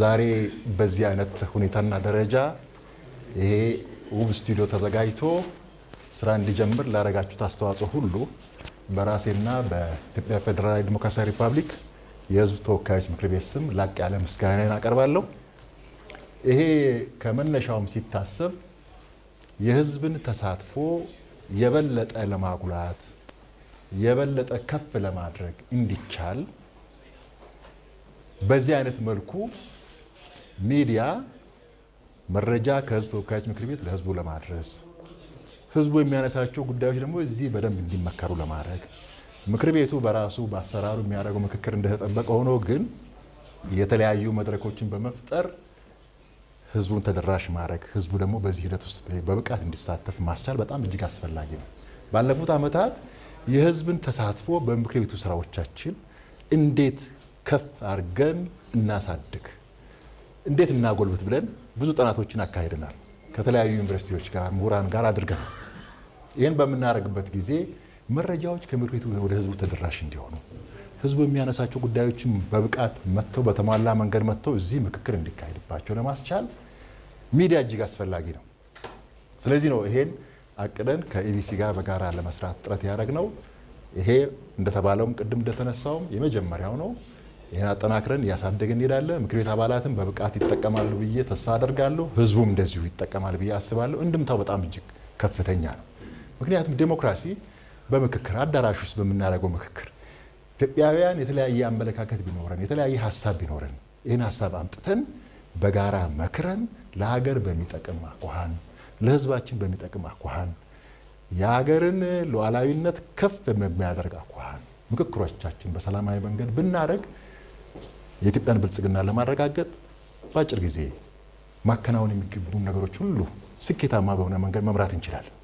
ዛሬ በዚህ አይነት ሁኔታና ደረጃ ይሄ ውብ ስቱዲዮ ተዘጋጅቶ ስራ እንዲጀምር ላደረጋችሁት አስተዋጽኦ ሁሉ በራሴና በኢትዮጵያ ፌዴራላዊ ዲሞክራሲያዊ ሪፐብሊክ የህዝብ ተወካዮች ምክር ቤት ስም ላቅ ያለ ምስጋናን አቀርባለሁ። ይሄ ከመነሻውም ሲታሰብ የህዝብን ተሳትፎ የበለጠ ለማጉላት የበለጠ ከፍ ለማድረግ እንዲቻል በዚህ አይነት መልኩ ሚዲያ መረጃ ከህዝብ ተወካዮች ምክር ቤት ለህዝቡ ለማድረስ ህዝቡ የሚያነሳቸው ጉዳዮች ደግሞ እዚህ በደንብ እንዲመከሩ ለማድረግ ምክር ቤቱ በራሱ በአሰራሩ የሚያደርገው ምክክር እንደተጠበቀ ሆኖ ግን የተለያዩ መድረኮችን በመፍጠር ህዝቡን ተደራሽ ማድረግ ህዝቡ ደግሞ በዚህ ሂደት ውስጥ በብቃት እንዲሳተፍ ማስቻል በጣም እጅግ አስፈላጊ ነው። ባለፉት ዓመታት የህዝብን ተሳትፎ በምክር ቤቱ ስራዎቻችን እንዴት ከፍ አድርገን እናሳድግ እንዴት እናጎልብት ብለን ብዙ ጥናቶችን አካሄደናል ከተለያዩ ዩኒቨርሲቲዎች ጋር ምሁራን ጋር አድርገናል። ይህን በምናደርግበት ጊዜ መረጃዎች ከምክር ወደ ህዝቡ ተደራሽ እንዲሆኑ ህዝቡ የሚያነሳቸው ጉዳዮችን በብቃት መጥተው በተሟላ መንገድ መጥተው እዚህ ምክክር እንዲካሄድባቸው ለማስቻል ሚዲያ እጅግ አስፈላጊ ነው። ስለዚህ ነው ይሄን አቅደን ከኢቢሲ ጋር በጋራ ለመስራት ጥረት ያደረግ ነው። ይሄ እንደተባለውም ቅድም እንደተነሳውም የመጀመሪያው ነው። ይህን አጠናክረን እያሳደግ እንሄዳለን። ምክር ቤት አባላትም በብቃት ይጠቀማሉ ብዬ ተስፋ አደርጋለሁ። ህዝቡም እንደዚሁ ይጠቀማል ብዬ አስባለሁ። እንድምታው በጣም እጅግ ከፍተኛ ነው። ምክንያቱም ዴሞክራሲ በምክክር አዳራሽ ውስጥ በምናደርገው ምክክር ኢትዮጵያውያን የተለያየ አመለካከት ቢኖረን የተለያየ ሀሳብ ቢኖረን ይህን ሀሳብ አምጥተን በጋራ መክረን ለሀገር በሚጠቅም አኳኋን ለህዝባችን በሚጠቅም አኳኋን የሀገርን ሉዓላዊነት ከፍ በሚያደርግ አኳኋን ምክክሮቻችን በሰላማዊ መንገድ ብናደርግ የኢትዮጵያን ብልጽግና ለማረጋገጥ በአጭር ጊዜ ማከናወን የሚገቡ ነገሮች ሁሉ ስኬታማ በሆነ መንገድ መምራት እንችላለን።